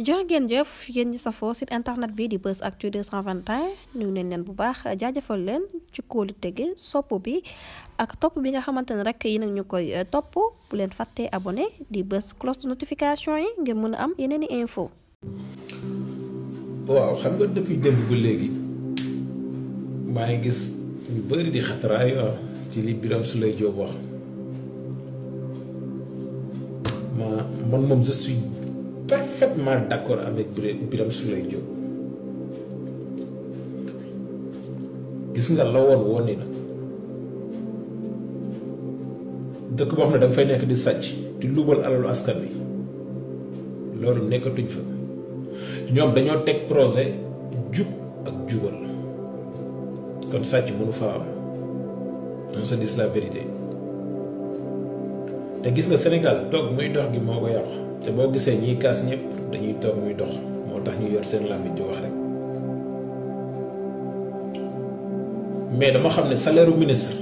jërë ngeen jëf yéen ñi safoo site internet bi di Buzz Actu 221 ñu neen leen bu baax jaajafal leen ci kóolu tege sopp bi ak topp bi nga xamante ne rek yi nag ñu koy eh, topp bu leen fàttee abone di bës cloche de notification yi ngir mën a am yeneen i info waaw xam nga depuis démb bu léegi maa ngi gis ñu bëri di xatraay ah, ci li Birame Souleye Diop wax ma man moom je parfaitement d'accord avec Birame Souleye Diop gis nga la woon woon ni la dëkk boo xam ne danga fay nekk di sàcc di luubal alalu askan wi loolu nekkatuñ fa ñoom dañoo teg projet jub ak jubal kon sàcc mënu faa am on se dit la vérité te gis nga Sénégal toog muy dox gi moo ko yàq te boo gisee ñiy kaas ñëpp dañuy toog muy dox moo tax ñu yor seen làmmiñ di wax rek mais dama xam ne salaire u ministre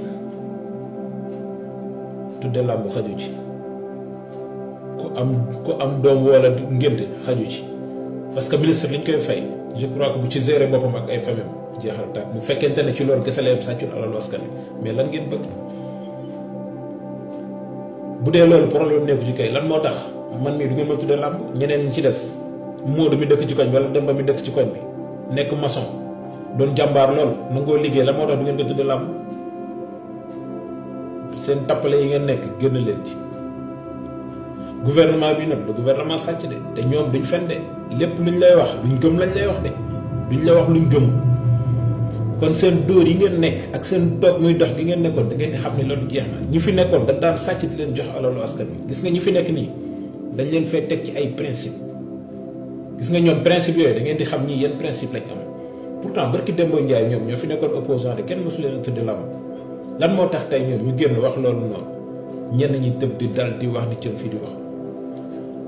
tudde làmb xaju ci ku am ku am doom wala ngénte xaju ci parce que ministre liñ koy fay je crois que bu ci gérer boppam ak ay famem jeexal tàkk bu fekkente ne ci loolu kese la yem sàccul alal askan mais lan ngeen bëgg. bu dee loolu problème nekku ci kay lan moo tax man mii du ngeen ma tudde làmb ñeneen ñi ci des Modou mi dëkk ci koñ bi wala Demba mi dëkk ci koñ bi nekk maçon doon jàmbaar loolu nangoo liggéey lan moo tax du ngeen ko tudde làmb seen tappale yi ngeen nekk génn leen ci gouvernement bi nag du gouvernement sàcc de te ñoom duñ fen de lépp luñ lay wax luñ gëm lañ lay wax de duñ la wax luñ gëm kon seen dóor yi ngeen nekk ak seen doog muy dox gi ngeen nekkoon da ngeen di xam ne loolu jeex na ñi fi nekkoon dañ daan sàcc leen jox alalu gis nga ñi fi nekk nii dañ leen fay teg ci ay principe gis nga ñoom principe yooyu da di xam ñi yan principe lañ am pour pourtant barki Demba Ndiaye ñoom ñoo fi nekkoon opposan de kenn mosu leen tuddi lam lan moo tax tey ñoom ñu génn wax loolu noonu ñenn ñi tëb di dal di wax di cëm fii di wax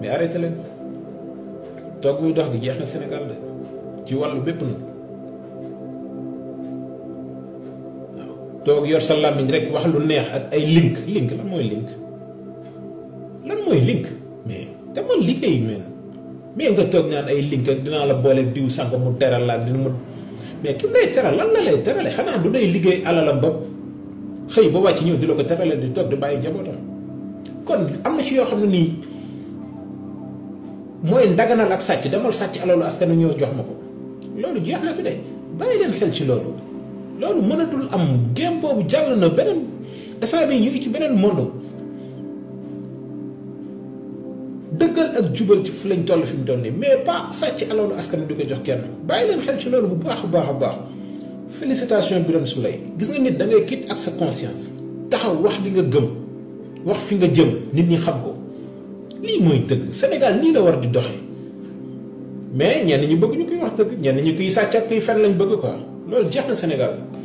mais arrêté leen toog muy dox gi jeex na Sénégal de ci wàllu bépp nag toog yor sa làmmiñ rek wax lu neex ak ay link link lan mooy link lan mooy link mais dama liggéey men mais nga toog ñaan ay link dinaa la boole diw sànq mu teral la dina mu mais ki mu lay teral la lay du day liggéey alalam bopp xëy ba ñëw di la ko terale di toog di bàyyi njabootam kon am na ci yoo xam ne nii mooy ndaganal ak sàcc demal sàcc alalu askan wi ñëw jox ma ko loolu jeex na fi de bàyyi leen xel ci loolu. loolu mënatul am game boobu jàll na beneen instant bi ñu ngi ci beneen monde dëggal ak jubal ci fu lañ toll fi mu toll nii mais pas sàcc alalu askan bi di ko jox kenn bàyyi leen xel ci loolu bu baax a baax a baax félicitation Birame Souleye gis nga nit da ngay ak sa conscience taxaw wax li nga gëm wax fi nga jëm nit ñi xam ko lii mooy dëgg Sénégal nii la war di doxee. mais ñenn ñu bëgg ñu koy wax dëgg ñenn ñu koy sàcc ak kuy fen lañ bëgg quoi loolu jeex na Sénégal.